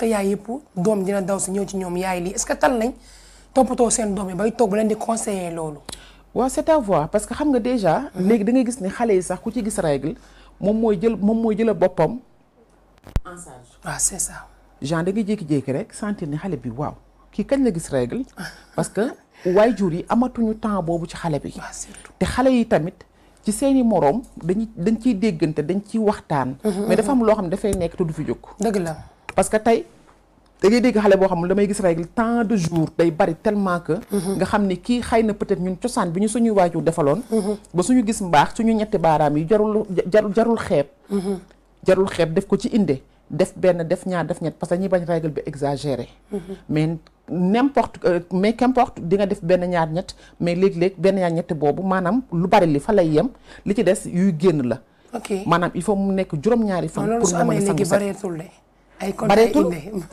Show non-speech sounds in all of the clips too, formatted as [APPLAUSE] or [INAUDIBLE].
que yaay yëpp doom dina daw si ñëw ci ñoom yaay lii est ce que tal nañ toppatoo seen doom yi bay toog ba leen di conseiller loolu. waaw c'est à voir parce que xam nga déjà. Mhm. léegi da ngay gis ni xale yi sax ku ci gis règle moom mooy jël moom mooy jël boppam en charge. waaw ah, c'est ça. da ngay jékki rek sentir ne xale bi waaw kii kañ la gis règle ah. parce que waajur yi amatuñu temps boobu ci xale bi. Ah, te xale yi tamit ci seeni moroom dañuy dañ ciy déggante dañ ciy waxtaan. Mhm, mais dafa mhm. am loo xam ne dafay nekk te du fi jóg. dëgg la. parce que tey da dégg xale boo xam ne damay gis règle temps de jours day bari tellement que. Mhm. nga xam ni kii xëy na peut-être ñun cosaan bi ñu suñuy waajur defaloon. Mhm. ba suñu gis mbaax suñu ñetti baaraam yi jarul jarul jarul xeeb. Mhm. jarul xeeb def ko ci inde def benn def ñaar def ñett parce que ñi bañ règle bi exagéré. mais n'importe euh, mais qu'importe di nga def benn ñaar ñett mais léeg-léeg benn ñaar ñett boobu maanaam lu bari li fa lay yem li ci des yuy génn la. ok maanaam il faut mu nekk juróom-ñaari fan. pour mu ay bareetul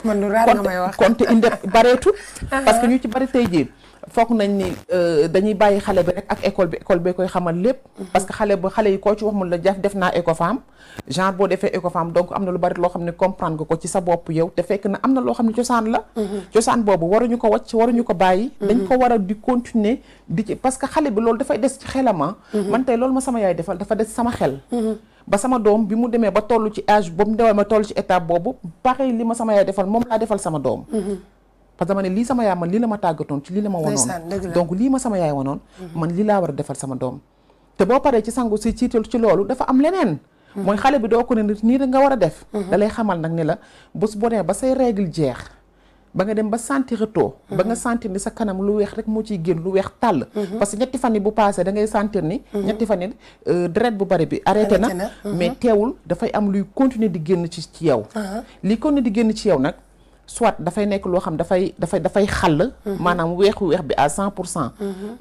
man lu raar nga may wax compte inde [LAUGHS] bareetul uh-huh. parce que ñu ci bari tey jii foog nañ ni euh, dañuy bàyyi xale bi rek ak école bi école bee koy xamal lépp uh-huh. parce que xale ba xale yi koo ci wax mun la jaf def naa écofam genre boo defee écofam donc am na lu bari loo xam ne comprendre nga ko ci sa bopp yow te fekk na am na loo xam ne cosaan la uh-huh. cosaan boobu waruñu ko wàcc waruñu ko bàyyi dañ ko war a di continuer di ci parce que xale bi loolu dafay des ci xelama ah. man tey loolu ma sama yaay defal dafa des sama xel ba sama doom bi mu demee ba toll ci âge ba mu demee ma toll ci étape boobu pareil li ma sama yaay defal moom laa defal sama doom mm-hmm. parce que lii sama yaay man lii la ma tàggatoon ci lii la ma wanoon donc lii ma sama yaay wanoon mm-hmm. man lii laa war a defal sama doom te boo paree ci sangu si ciital ci loolu dafa am leneen mm-hmm. mooy xale bi doo ko ne nii nga war a def da lay xamal nag ni la su boo nee ba say règle jeex ba nga dem ba sentir too ba nga sentir ni sa kanam lu weex rek moo ciy génn lu weex tàll mhm. parce que ñetti fan yi bu passé da ngay sentir ni mhm. ñetti fan yi euh, deret bu bari bi arrêté na mais mhm. teewul dafay am luy continuer di génn ci ci yow li continuer di génn ci yow nag soit dafay nekk loo xam dafay dafay dafay xàll maanaam weexu weex bi à cent pour cent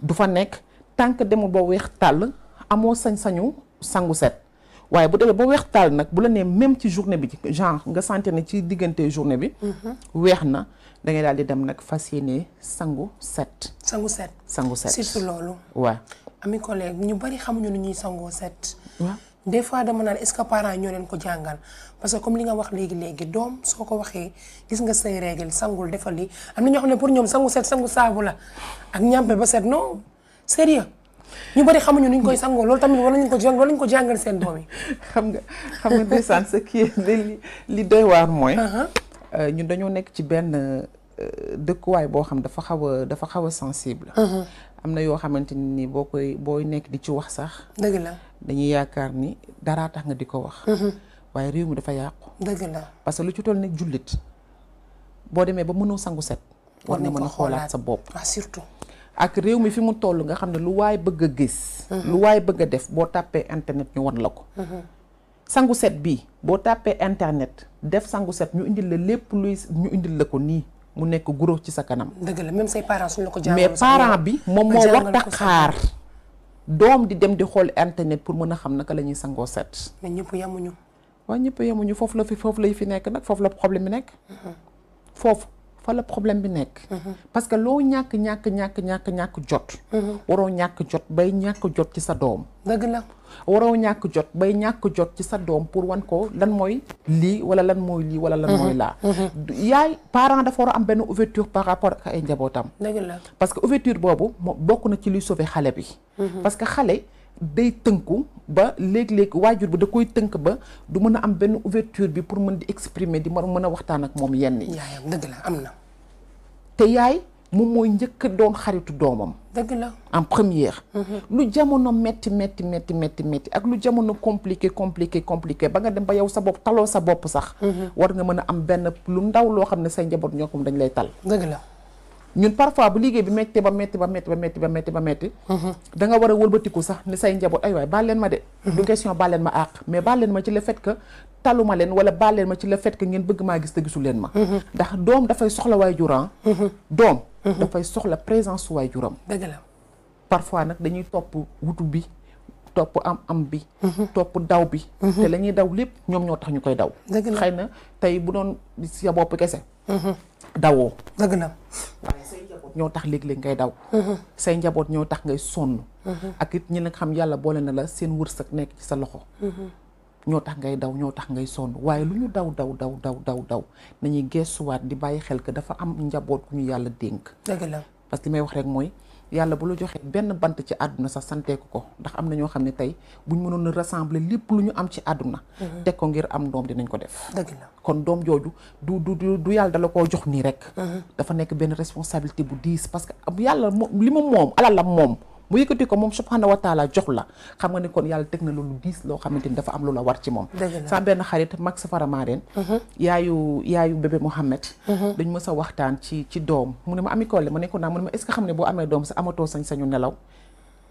du fa nekk tant que demul ba weex tàll amoo sañ-sañu sangu set waaye bu demee ba weex taal nag bu la nee même ci journée bi genre nga sentir ne ci diggante journée bi. Mhm. weex na da daal di dem nag fas yéene sangu set. sangu set sangu set surtout loolu. waaw ami collègue ñu bari xamuñu nu ñuy sangoo set. waaw des fois dama naan est-ce que parents ñoo leen ko jàngal parce que comme li nga wax léegi léegi doom soo ko waxee gis nga say règle sangul defal li am na ñoo xam ne pour ñoom sangu set sangu saabu la ak ñàmpe ba set non sérieux ñu bëri xamuñu nuñ koy sangoo loolu tamit wala ñu ko jàng wala ko jàngal seen doom yi. xam nga xam nga ndeysaan ce qui est li li doy waar mooy. Uh-huh. Euh, ñun dañoo nekk ci benn euh, dëkkuwaay boo xam dafa xaw a dafa xaw a sensible. Uh-huh. am na yoo xamante ni boo koy booy nekk di ci wax sax. dëgg la dañuy yaakaar ni daraa tax nga di ko wax. Uh-huh. waaye réew mi dafa yàqu. dëgg la parce que lu ci toll ni jullit boo demee ba mënoo sangu set. war nga mën a xoolaat sa bopp ah, surtout. ak réew mi fi mu toll nga xam ne lu waay bëgg a gis. Mm-hmm. lu waay bëgg a def boo tàppee internet ñu won la ko. Mm-hmm. sangu set bi boo tàppee internet def sangu set ñu indil la lépp luy ñu indil la ko nii mu nekk guro ci sa kanam. dëgg la même say parents la ko jàngalee mais parent bi moom moo war a xaar. doom di dem di xool internet pour mën a xam naka la ñuy sangoo set. mais ñëpp yemuñu. waaw ñëpp yemuñu foofu la fi foofu lay fi nekk nag foofu la problème bi nekk. Mm-hmm. foofu. fa la bi nekk. Mhm. parce que loo ñàkk ñàkk ñàkk ñàkk ñàkk jot. Mhm. waroo ñàkk jot bay ñàkk jot ci sa doom. dëgg la waroo ñàkk jot bay ñàkk jot ci sa doom pour wan ko lan mooy lii wala lan mooy lii wala lan mooy mhm. laa. yaay parent dafa war am benn ouverture par rapport a ay njabootam. la parce que ouverture boobu bokk na ci luy sauver xale bi. parce que xale. day tënku ba léeg-léeg waajur bi da koy tënk ba du mën a am benn ouverture bi pour mën di exprimer di mën a waxtaan ak moom yenn yi. yaayam dëgg la am na. te yaay moom mooy njëkk doon xaritu doomam. dëgg la en première. Mhm. lu jamono metti metti metti metti metti ak lu jamono compliqué compliqué compliqué ba nga dem ba yow sa bopp taloo sa bopp sax. Mhm. war nga mën a am benn lu ndaw loo xam ne say njaboot ñoo ko dañ lay tal. dëgg ñun parfois bu liggéey bi métti ba métti ba métti ba métti ba métti ba mm-hmm. da nga war a wëlbatiku sax ni say njaboot ay waay baal leen ma de mm-hmm. du question baal leen ma àq mais baal leen ma ci le fait taluma leen wala baal leen ma ci le fait ngeen bëgg maa gis te gisu ma mm-hmm. ndax doom dafay soxla waay juram ah. doom dafay soxla présence waay juram parfois nag dañuy topp wutu bi topp am am bi topp daw bi te la ñuy daw lépp ñoom ñoo tax ñu koy daw xëy na tey bu doon sa bopp kese dawoo. dëgg la waaye ñoo tax léeg-léeg ngay daw. Mm-hmm. say njaboot ñoo tax ngay sonn. Mm-hmm. ak it ñi nga xam yàlla boole na la seen wërsëg nekk ci sa loxo. Mm-hmm. ñoo tax ngay daw ñoo tax ngay sonn waaye lu ñu daw daw daw daw daw daw nañuy geesuwaat di bàyyi xel ko dafa am njaboot ku ñu yàlla dénk. dëgg la parce que li may wax rek mooy. yàlla bu la joxee benn bant ci àdduna sa santee ko ndax am na ñoo xam ne tey buñ mënoon a rassembler lépp lu ñu am ci àdduna mhm. teg ko ngir am doom dinañ ko def kon doom jooju du du du yàlla la koo jox nii rek mhm. dafa nekk benn responsabilité bu diis parce que yàlla li mu moom alalam moom mu yëkkati ko moom subhanahu wa taala jox la xam nga ni kon yàlla teg na lu diis loo xamante ni dafa am lu la war ci moom sa benn xarit mag safara maareen mhm. yaayu yaayu bébé Mohamed mhm. dañ ma sa waxtaan ci ci doom mu ne ma ami kolle ma ne ko naa mu ne ma est-ce xam ne boo amee doom sa amatoo sañ-sañu nelaw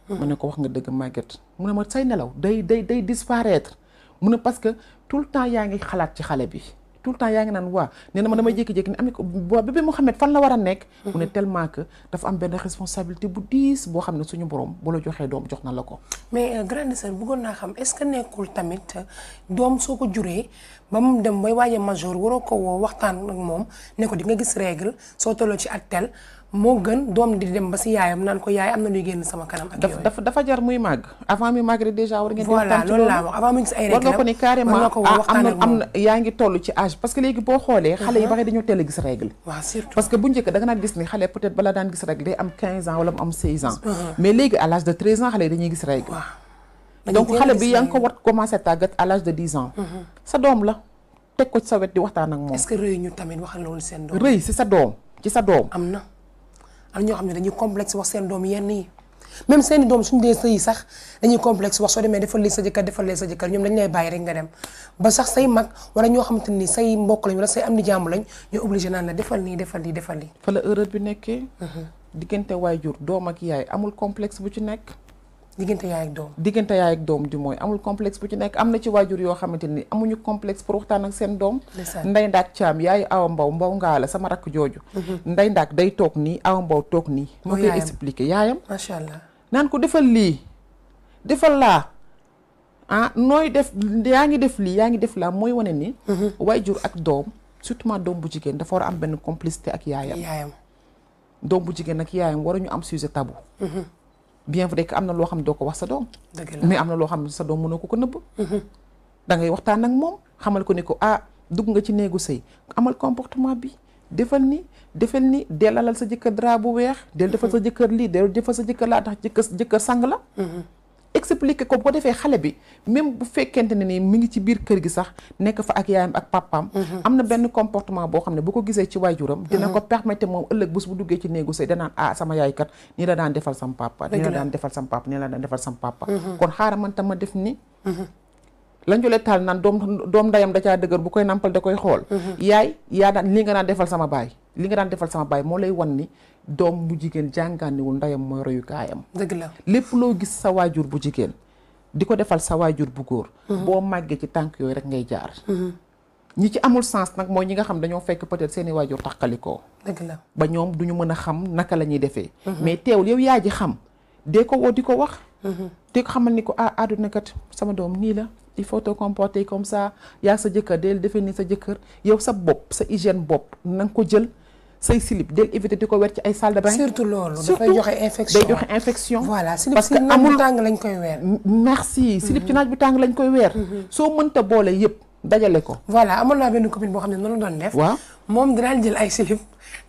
mhm. ma ne ko wax nga dëgg màgget mu ne ma say nelaw day day day disparaître mu ne parce que tout le temps yaa ngi xalaat ci xale bi tout le temps yaa ngi naan waa nee na ma damay jékki-jékki ne am ko boo bébé Mouhamed fan la war a nekk mm-hmm. mu ne tellement que dafa am benn responsabilité bu diis boo xam ne suñu borom bu la joxee doom jox na la ko mais euh, grande sœur bëggoon naa xam est-ce que nekkul tamit euh, doom soo ko juree ba mu dem bay waaje majeur waroo ko woo waxtaan ak moom ne ko di gis règle soo tolloo ci at tel moo gën doom di dem ba si yaayam naan ko yaay am na luy génn sama kanam. ak dafa jar muy màgg avant muy màgg déjà war nga ko ni carrément ah, am am na yaa ngi toll ci âge parce que léegi boo xoolee. xale yi mhm. bari dañoo teel gis règle. parce que bu njëkk da nga gis ni xale peut balaa daan gis règle day am mhm. xale yi dañuy gis règle. donc xale bi yaa ngi ko war commencé tàggat à de 10 ans. Mhm. sa doom la teg ko sa wet di waxtaan ak moom. rëy ci sa doom am ñoo xam ne dañuy complexe wax seen doom yenn yi même seeni doom suñu dee sëy sax dañuy complexe wax soo demee defal lii sa jëkkër defal lee sa jëkkër ñoom dañu lay bàyyi rek nga dem ba sax say mag wala ñoo xamante ni say mbokk lañ wala say am di jàmm lañ ñoo obligé naan la defal nii defal lii defal lii. fa la erreur bi nekkee. Mhm. diggante waajur doom ak yaay amul complexe bu ci nekk. diggante yaay ak doom diggante yaay doom du mooy amul complexe bu ci nekk am na ci waajur yoo xamante ni amuñu complexe pour waxtaan ak seen doom nday ndaak caam yaay awa mbaw mbaw ngaa la sama rakk jooju mm-hmm. nday ndaak day toog nii awa mbaw toog nii moo koy expliqué yaayam macha allah naan ko defal lii defal laa ah nooy def yaa ngi def lii yaa ngi def laa mooy wane ni mm-hmm. waajur ak doom surtout ma doom bu jigéen dafa war am benn complicité ak yaayam doom bu jigéen ak yaayam waruñu am sujet bien vrai que am na loo xam ne doo ko wax sa doom mais am na loo xam sa doom mënoo ko ko nëbb mm-hmm. da ngay waxtaan nag moom xamal ko ni ko ah dugg nga ci néegu sëy amal comportement bi defal ni defal ni dellalal sa jëkkër dara bu weex del defal sa jëkkër lii del defal sa jëkkër laa tax jëkkër jëkkër sang la mm-hmm. expliquer ko bu ko defee xale bi même bu fekkente ne ni mi ngi ci biir kër gi sax nekk fa ak yaayam ak papaam mhm. am na benn comportement boo xam ne boo ko gisee ci waajuram mhm. dina ko permettre moom ëllëg bés bu duggee ci néegu sëy danaan ah sama yaay kat nii la daan defal sam papa nii la daan defal sam papa nii la daan defal sam mhm. kon xaaral man tam ma def ni lañ jolee taal naan doom doom ndayam da caa dëgër bu koy nampal da koy xool mhm. yaay yaa daan li nga daan defal sama baay li nga daan defal sama baay moo lay wan ni doom bu jigéen jàngaaniwul ndayam mooy royukaayam dëgg la lépp loo gis sa waajur bu jigéen di ko defal sa waajur bu góor mhm. boo màggee ci tànk yooyu rek ngay jaar mhm. ñi ci amul sens nag mooy ñi nga xam dañoo fekk peut-être seeni waajur taqalikoo dëgg la ba ñoom du ñu mën a xam naka la ñuy defee mais teewul yow yaa ji xam dee ko di ko wax xamal ni ko ah àdduna sama doom nii la di faut te comporter comme ça yaa sa jëkkër del définir sa jëkkër yow sa bopp sa hygiène bopp na nga ko jël say slip del éviter di ko wer ci ay salle de bain. surtout loolu dafay joxe infection day joxe infection. voilà slip parce que amul tàng lañ koy weer. merci slip ci mhm. naaj bu tàng lañ koy weer. Mhm. soo mënta boole yëpp. dajale ko. voilà amoon naa benn copine boo xam ne noonu la doon def. waaw moom dinaa jël ay silib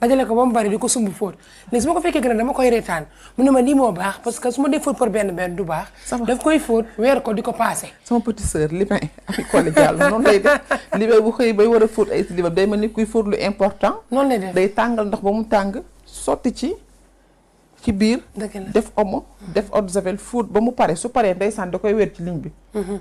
dajale ko ba mu bari di ko sumb fóot léegi su ma ko fekkee gën a dama koy reetaan mu ne ma lii moo baax parce que su ma dee fóot pour benn benn du baax. daf koy fóot weer ko di ko paase. sama petite li may [LAUGHS] ami Kole Diallo noonu lay def bu xëy bay war a fóot ay day mel ni kuy fóot lu important. noonu lay def day tàngal ndox ba mu tàng sotti ci. ci biir def omo def eau de javel fóot ba mu pare su paree ndeysaan da koy weer ci ligne bi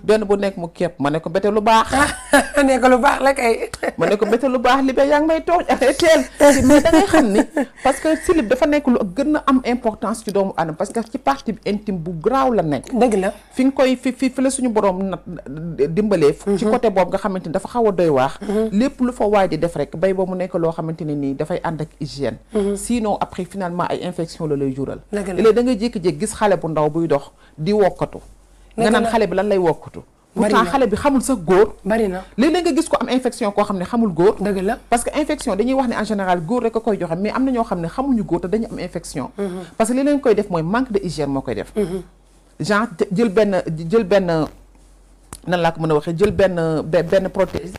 benn bu nekk mu képp ma ne ko mbete lu baax. [LAUGHS] ne ko lu baax la [LAUGHS] ma ne ko lu ba yaa ngi may tooñ a teel. [LAUGHS] mais da xam ni parce que slip dafa nekk lu gën a am importance ci doomu aadama parce que ci partie intime bu garaaw la nekk. dëgg la fi nga koy fi fi fi la suñu borom nat dimbalee. Mm-hmm. ci côté boobu nga xamante ni dafa xaw a doy waax. Mm-hmm. lépp lu fa waay di def rek bay ba mu nekk loo xamante ne nii dafay ànd ak hygiène. Mm-hmm. sinon après finalement ay infection la lay jural. dëgg la léegi da ngay jékki-jékki gis xale bu ndaw buy dox nga naan xale bi lan lay wokkutu pourtant xale bi xamul sax góor bari na léeg-léeg nga gis ko am infection koo xam ne xamul góor dëgg la parce que infection dañuy wax ne en général góor rek a koy joxe mais am na ñoo xam ne xamuñu góor te dañu am infection mhm. parce que li leen koy def mooy manque de hygiène moo koy def mhm. genre jël benn jël benn nan laa ko mën a waxee jël benn benn prothèse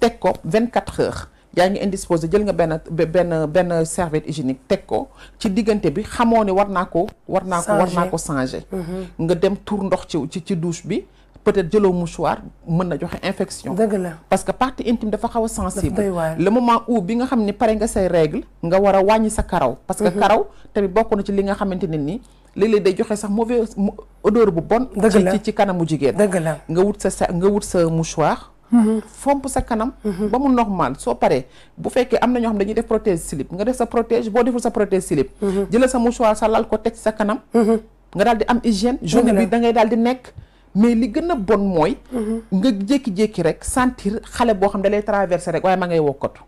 teg ko vingt-quatre heures yaa ngi indisposé jël nga benn benn benn serviette hygiénique teg ko ci diggante bi xamoo ne war naa ko war naa ko war naa ko changé mhm. nga dem tour ndox ci ci douche bi peut-être jëloo mouchoir mën na joxe infection dëgg la parce que partie intime dafa xaw a sensible le moment où bi nga xam ni pare nga say règle nga war a wàññi sa karaw parce que mhm. karaw tamit bokk na ci li nga xamante ne nii léeg-léeg day joxe sax mauvaise odeur bu bon ci ci kanamu jigéen dëgg la nga wut sa sa nga wut sa mouchoir fomp sa kanam mhm. ba mu normal soo paree bu fekkee am na ñoo xam dañuy def protège slip nga def sa protège boo deful sa protège slip mhm. jëlal sa mouchoir sa lal ko teg sa kanam mhm. nga daal di am hygiène journée bi da ngay daal di nekk mais li gën a bon mooy nga jékki-jékki rek santir xale boo xam da lay traversé rek waaye ma ngay wokkatu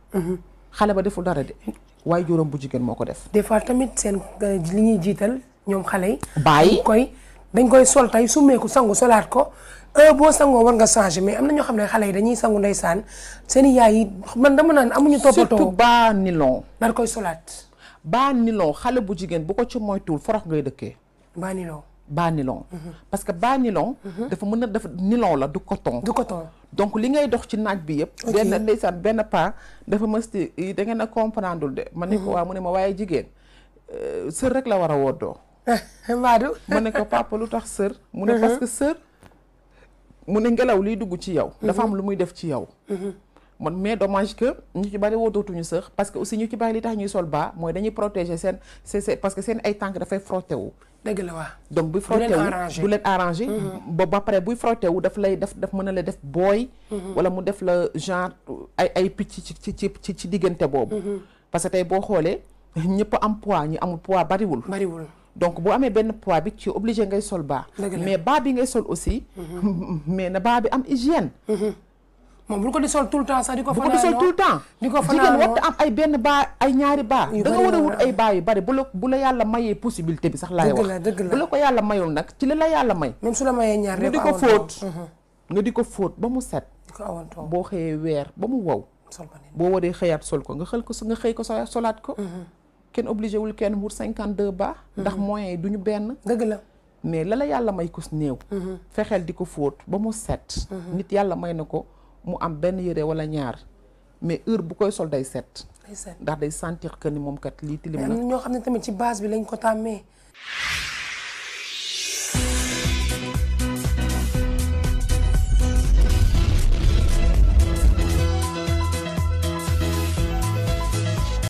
xale ba deful dara de waaye juróom bu jigéen moo ko def des fois tamit seen euh, li ñuy jiital ñoom xale yi bàyyi koy dañ koy sol tey summeeku sangu solaat ko heure boo sangoo war nga changer mais am na ñoo xam ne xale yi dañuy sangu ndeysaan seen i yaay yi man a naan amuñu toppatoo surtout baa nilon daal koy solaat baa nilon xale bu jigéen bu ko ci moytuwul forox ngay dëkkee baa nilon baa nilon mhm. parce que baa nilon mhm. dafa mën a dafa nilon la du coton du coton donc li ngay dox ci naaj bi yëpp benn ndeysaan benn pas dafa mësti da ngeen a comprendre de ma ne ko mhm. waa mu ne ma waaye jigéen euh, sër rek la war a woddoo [LAUGHS] maadu ma ne ko [LAUGHS] papa lu tax sër mu ne parce que sër mu ne ngelaw liy dugg ci yow. dafa am mhm. lu muy def ci yow. Mhm. man mais dommage que ñu ci bari wootootuñu sax parce que aussi ñu ci bari li tax ñuy sol baa mooy dañuy protéger seen c'est parce que seen ay tànk dafay frotté wu. dëgg la waaw donc buy frotté wu du leen arrangé mhm. ba ba pare buy frotté wu daf lay def daf mën a la def booy wala mu def la genre ay ay picc ci ci ci ci ci diggante boobu parce que tey boo xoolee ñëpp am poids ñu amul poids bariwul bariwul donc boo amee benn poids bi ci obligé ngay sol baa mais baa bi ngay sol aussi mhm. mais na baa bi am hygiène mhm. moom bu ko di sol tout le temps sax di ko fanaanoo bu ko di sol tout le temps. di ko fanaanoo ay benn baa ay ñaari baa. da nga war a wut ay baa yu bari bu la bu la yàlla mayee possibilité bi sax. laay wax bu la ko yàlla mayul nag ci la la yàlla may. même su la mayee ñaar rek nga di ko fóot. Mhm. nga di ko fóot ba mu set. boo xëyee weer ba mu wow. boo waree xëyaat sol ko nga xël ko nga xëy ko solaat ko. kenn obligé wul kenn wut cinquante deux baax ndax mhm. moyens yi du ñu benn dëgg la mais lala yàlla may kus néew mhm. fexeel di ko fóot ba mu set mhm. nit yàlla may na ko mu am benn yére wala ñaar mais heure bu koy sol day set ndax day sentir que ni moom kat lii tilim la ñoo xam ne tamit ci base bi lañ ko tàmmee